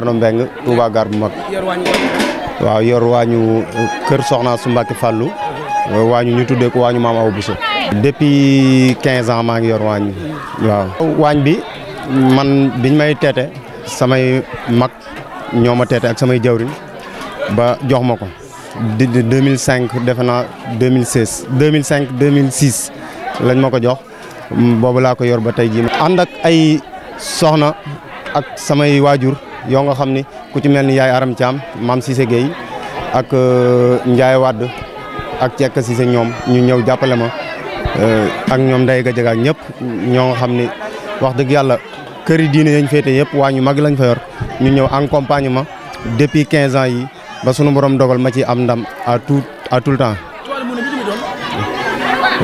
Mano Mbeng bu mag waaw yor waañu uh, kër Soxna su Mbàkke Fàllu uh-huh. waañu ñu tuddee ko waañu maam aw Bousso depuis quinze ans maa ngi yor waañ bi uh-huh. waaw waañ bi man biñ may teete samay mag ñoo ma teete ak samay jawriñ ba jox ma ko di 2005 defe naa 2016 2005 2006 lañ ma ko jox boobu laa ko yor ba tey jii ànd ak ay soxna ak samay waajur yoo nga xam ni ku ci mel ni yaay Aram Thiam maam Cissé Gueye ak euh, Ndiaye Wade ak Cekk Cissé ñoom ñu ñëw jàppale ma euh, ak ñoom Ndeye ga jagaak ñëpp ñoo nga xam ni wax dëgg yàlla këri diine yañ féete yëpp waa ñu mag lañ fa yor ñu ñëw accompagnement depuis 15 ans yi ba sunu borom dogal ma ci am ndam à tout à tout le temps.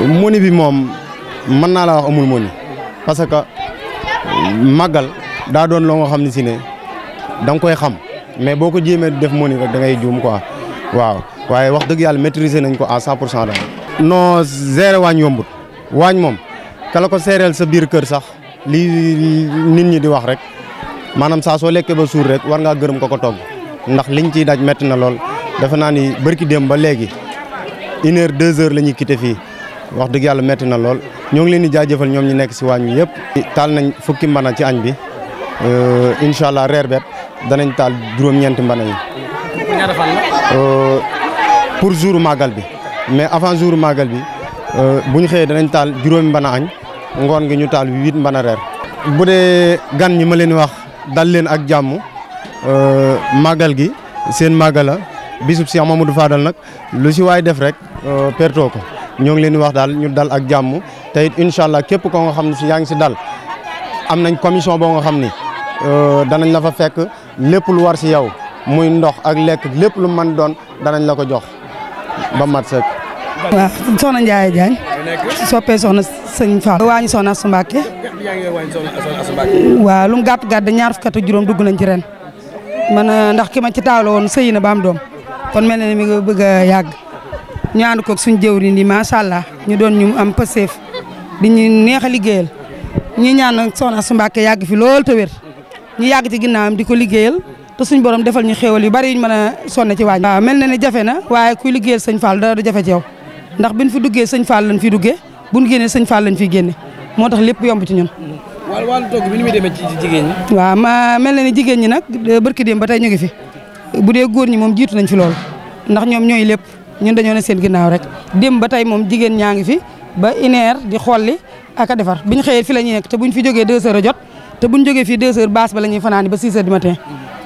moni bi moom mën naa la wax amul moni parce que euh, màggal daa doon loo nga xam ne si ne. da koy xam mais boo ko jéemee def moo ni dangay da ngay juum waaw waaye wax dëgg yàlla maîtriser nañ ko à 100 pour cent daal. noo gérer waañ yombut waañ moom kala ko seereel sa biir kër sax lii nit ñi di wax rek maanaam saa soo lekkee ba suur rek war ngaa gërëm ko ko togg ndax liñ ci daj metti na lool defe naa ni bërki dem ba léegi une heure deux heures la ñuy quitté fii wax dëgg yàlla metti na lool ñoo ngi leen di jaajëfal ñoom ñu nekk si waañ wi yëpp. taal nañ fukki mbana ci añ bi euh, incha allah reer danañ taal juróom-ñeenti mbana yi. Euh, pour jour màggal bi mais avant jour màggal bi euh, bu ñu xëyee danañ taal juróomi mbana añ ngoon gi ñu taal huit mbana reer. bu dee gan ñi ma leen wax dal leen ak jàmm euh, màggal gi seen màggal la bisub Cheikh Mamadou Fadal nag lu si waaye def rek pertoo ko ñoo ngi leen di wax daal ñu dal ak jàmm te it incha allah képp koo nga xam ne si yaa ngi si dal am nañ commission boo nga xam ni danañ la fa fekk. lépp lu war si yow muy ndox ak lekk lépp lu man doon danañ la ko jox ba mat sëkk. waaw soxna Ndiaye Diagne soppee soxna sëñ Fall waañu soxna Asou Mbacke waaw lu mu gàtt gàtt ñaar fukk ak juróom dugg nañ ci ren man eh, ndax ki ma ci taaw la woon sëyi na ba am doom kon mel na ni mi nga bëgg a yàgg ñu ànd koog suñu jëwriñ yi allah ñu doon ñu am pëseef di ñu neex a liggéeyal ñu ñaan soxna Asou Mbacke yàgg fi lool te wér. ñu yàgg ci ginnaawam di ko liggéeyal te suñ borom defal ñu xéewal yu bari yuñ mën a sonn ci waañ waaw mel na ne jafe na waaye kuy liggéeyal sëñ Fall dara du jafe ci yow ndax buñ fi duggee sëñ Fall lañ fi duggee buñ génnee sëñ Fall lañ fiy génne moo tax lépp yomb ci ñun waaw wàllu togg bi ci jigéen ñi waaw mel na ni jigéen ñi nag euh, barki démb ba tey ñu ngi fi bu dee góor ñi moom jiitu nañ fi lool ndax ñoom ñooy lépp ñun dañoo ne seen ginnaaw rek démb ba tey moom jigéen ñaa ngi fi ba une di xolli ak a defar bu ñu xëyee fi la ñuy nekk te fi jógee deux heures a jot te buñ jógee fii 2 heures baas ba la ñuy fanaani ba 6 heures du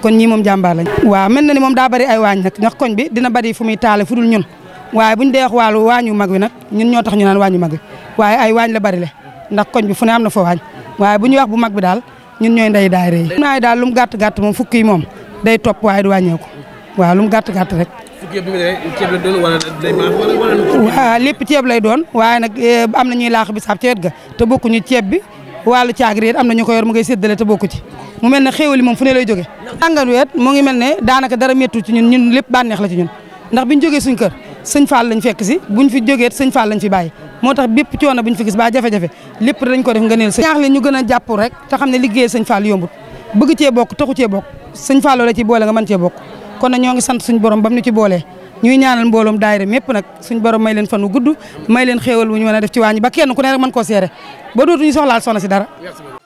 kon ñii moom jàmbaar lañ waaw mel na ni moom daa bari ay waañ nag ndax koñ bi dina bari fu muy taale fu dul ñun waaye buñ dee wax wàllu waañu mag wi nag ñun ñoo tax ñu naan waañu mag waaye ay waañ la bari le ndax koñ bi fu na fa waañ waaye bu ñuy wax bu mag bi daal ñun ñooy ndey daayira yi daal lu mu gàtt gàtt moom fukki yi moom day topp waaye du wàññeeku waaw lu mu gàtt gàtt rek waaw lépp ceeb lay doon waaye nag eh, am na ñuy laax bi saab ceeb ga te bokkuñu ceeb bi waalo caagri it am na ñu ko yor mu ngay séddale te bokku ci mu mel ne xéewali moom fu ne lay jóge tàngal weet mu ngi mel ne daanaka dara méttu ci ñun ñun lépp bànneex la ci ñun ndax biñ jógee suñ kër sëñ Fall lañ fekk si buñ fi jógeet sëñ Fall lañ fi bàyyi moo tax bépp coono buñ fi gis baa jafe-jafe lépp dañ ko def nga neel sëñ ñaax leen ñu gën a jàpp rek te xam ne liggéey sëñ Fall yombut bëgg cee bokk taxu cee bokk sëñ Fall la ci boole nga mën cee bokk kon na ñoo ngi sant borom bam ñu ci boolee ñuy ñaanal mbooloom daayira mépp nag suñ borom may leen fan wu gudd may leen xéewal wu ñu mën a def ci waañ ba kenn ku ne rek mën koo seere ba dootuñu ñu soxna si dara